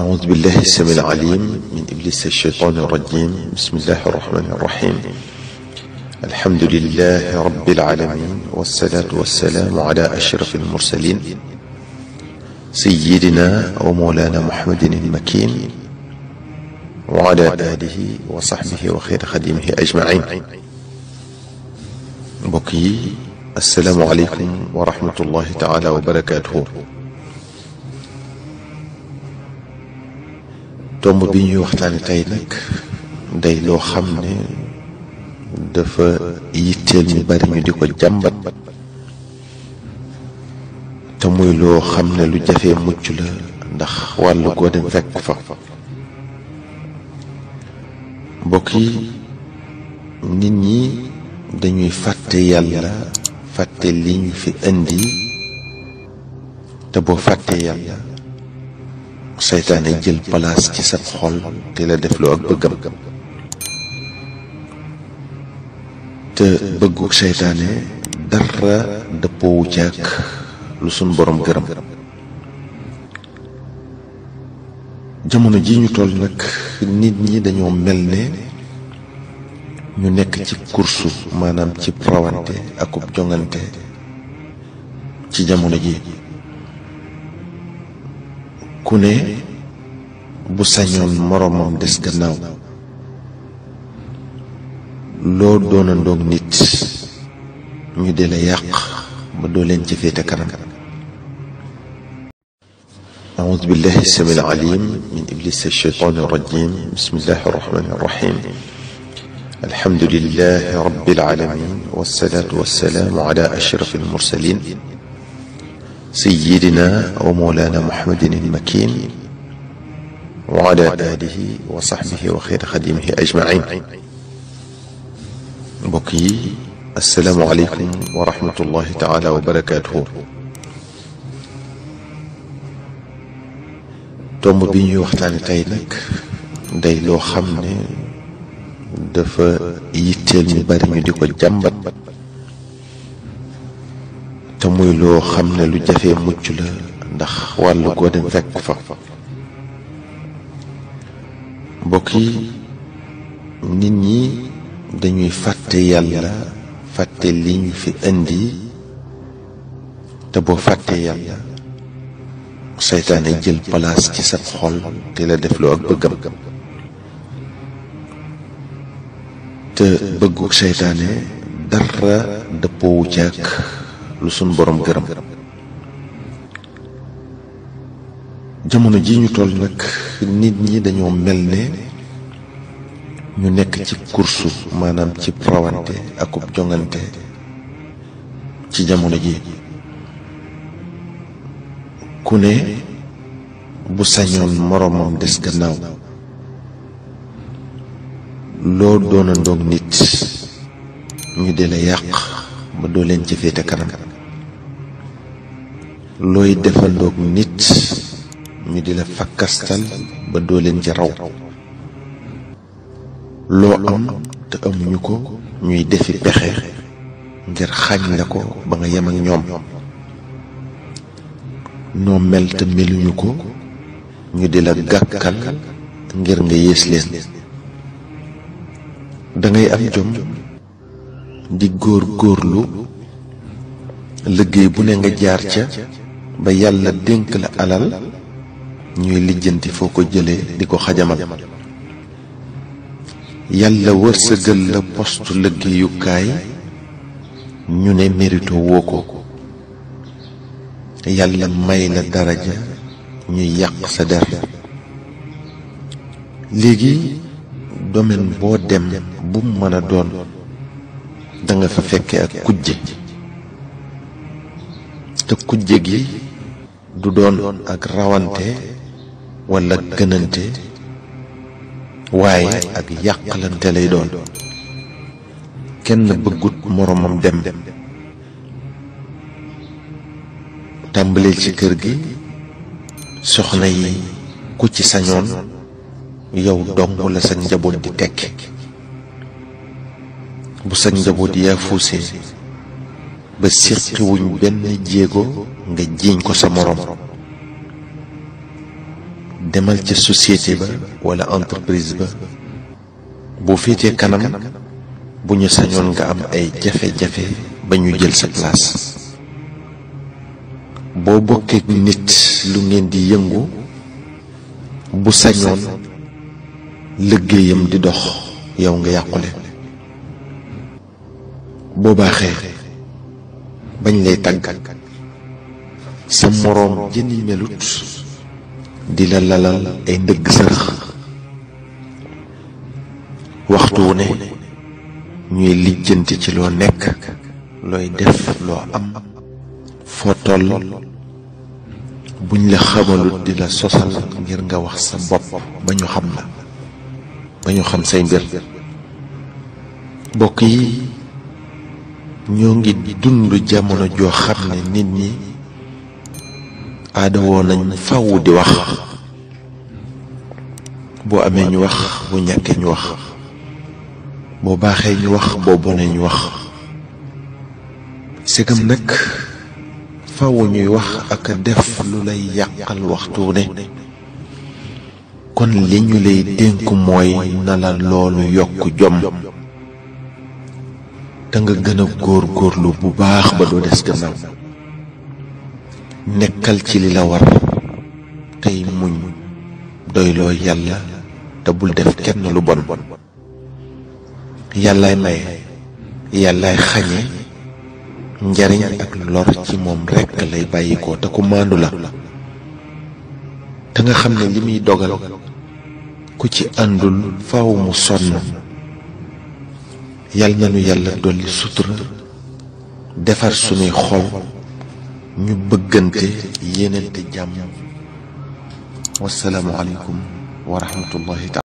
أعوذ بالله السميع العليم من إبليس الشيطان الرجيم بسم الله الرحمن الرحيم الحمد لله رب العالمين والصلاة والسلام على أشرف المرسلين سيدنا ومولانا محمد المكين وعلى آله وصحبه وخير خديمه أجمعين بكي السلام عليكم ورحمة الله تعالى وبركاته tomb bi ñuy waxtaane tey nag day loo xam ne dafa yitteel ñu bari ñu di ko jàmbat te muy loo xam ne lu jafee mucc la ndax wàll goo dem fekk fa mbokk nit ñi dañuy fàtte yàlla fàtte liñ fi indi te boo fàtte yàlla seytaane jël place ci sa xol te la defloo ak bëggam te bëggu seytaane dara dëppoowu ci lu sunu borom gërëm jamono ji ñu toll nag nit ñi dañoo mel ne ñu nekk ci kursu maanaam ci rawante akub jongante ci jamono ji كوني ne bu sañoon moroomam des gannaaw loo doona ndoog nit ñu di la yàq ba doo leen ci أعوذ بالله السميع العليم من إبليس الشيطان الرجيم بسم الله الرحمن الرحيم الحمد لله رب العالمين والصلاة والسلام على أشرف المرسلين سيدنا ومولانا محمد المكين وعلى آله وصحبه وخير خديمه أجمعين بكي السلام عليكم ورحمة الله تعالى وبركاته tomb bi ñuy waxtaane tey nag day loo xam ne dafa yitteel ñu bari ñu di ko jàmbat te muy loo xam ne lu jafee mucc la ndax wàll goo dem fekk fa mbokk nit ñi dañuy fàtte yàlla fàtte liñ fi indi te boo fàtte yàlla seytaane jël palaas ci sa xol te la def loo ak bëggam te bëggu seytaane dara dëppoowu ci lu sunu borom gërëm jamono ji ñu toll nag nit ñi dañoo mel ne ñu nekk ci kursu maanaam ci rawante akub jongante ci jamono ji ku ne bu sañoon moroomam des gannaaw loo doona ndoog nit ñu di la yàq ba doo leen ci féete kanam looy defandoog nit ñu di la fakkastal ba doo leen ci raw loo am te amuñu ko ñuy defi pexe ngir xañ la ko ba nga yem ak ñoom noo mel te meluñu ko ñu di la gàkkal ngir nga yées leen dangay am jom di góor góorlu liggéey bu ne nga jaar ca ba yàlla dénk la alal ñuy lijjanti foo ko jëlee di ko xajamal yàlla wërsëgal la poste liggéeyukaay ñu ne mérito woo ko yàlla may la daraja ñu yàq sa der léegi domaine boo dem bu mën a doon danga fa fekke ak kujje te kujje gi du doon ak rawante wala gënante waaye ak yàqalante lay doon kenn bëggut moroomam dem tàmbaleel ci kër gi soxna yi ku ci sañoon yow dong la sa njaboot di tekki bu sa njaboot yaa fuusee ba siqiwuñ benn jéego nga jiiñ ko sa moroom demal ca société ba walla entreprise ba bu féetee kanam bu ñu sañoon nga am ay jafe-jafe ba ñu jël sa place boo bokkee nit lu ngeen di yëngu bu sañoon liggéeyam di dox yow nga yàqule boo baaxee bañ lay tagg sa moroom jëni melut di la lalal ay ndëgg sërëx waxtu wu ne ñuy lijjanti ci loo nekk looy def loo am foo toll buñ la xamalut di la sosal ngir nga wax sa bopp ba ñu xam la ba ñu xam say mbir mbokk yi ñoo ngi dund jamono joo xam ne nit ñi aada woo nañ faw di wax boo amee ñu wax bu ñàkkee ñu wax boo baaxee ñu wax boo bonee ñu wax sëgam nag faw ñuy wax ak def lu lay yàqal waxtu ne kon li ñu lay dénk mooy na la loolu yokk jom te nga gën a góor góorlu bu baax ba doo des gannaaw nekkal ci li la war tey muñ doyloo yàlla te bul def kenn lu bon yàllaay maye yàllaay xañe njariñ ak lor ci moom rekk lay bàyyikoo te ku maandu la te nga xam ne li muy dogal ku ci àndul faw mu sonn يالنا نو يالا دولي سوتر دفر سوني خول نو بغنتي ينتي جام والسلام عليكم ورحمه الله تعالى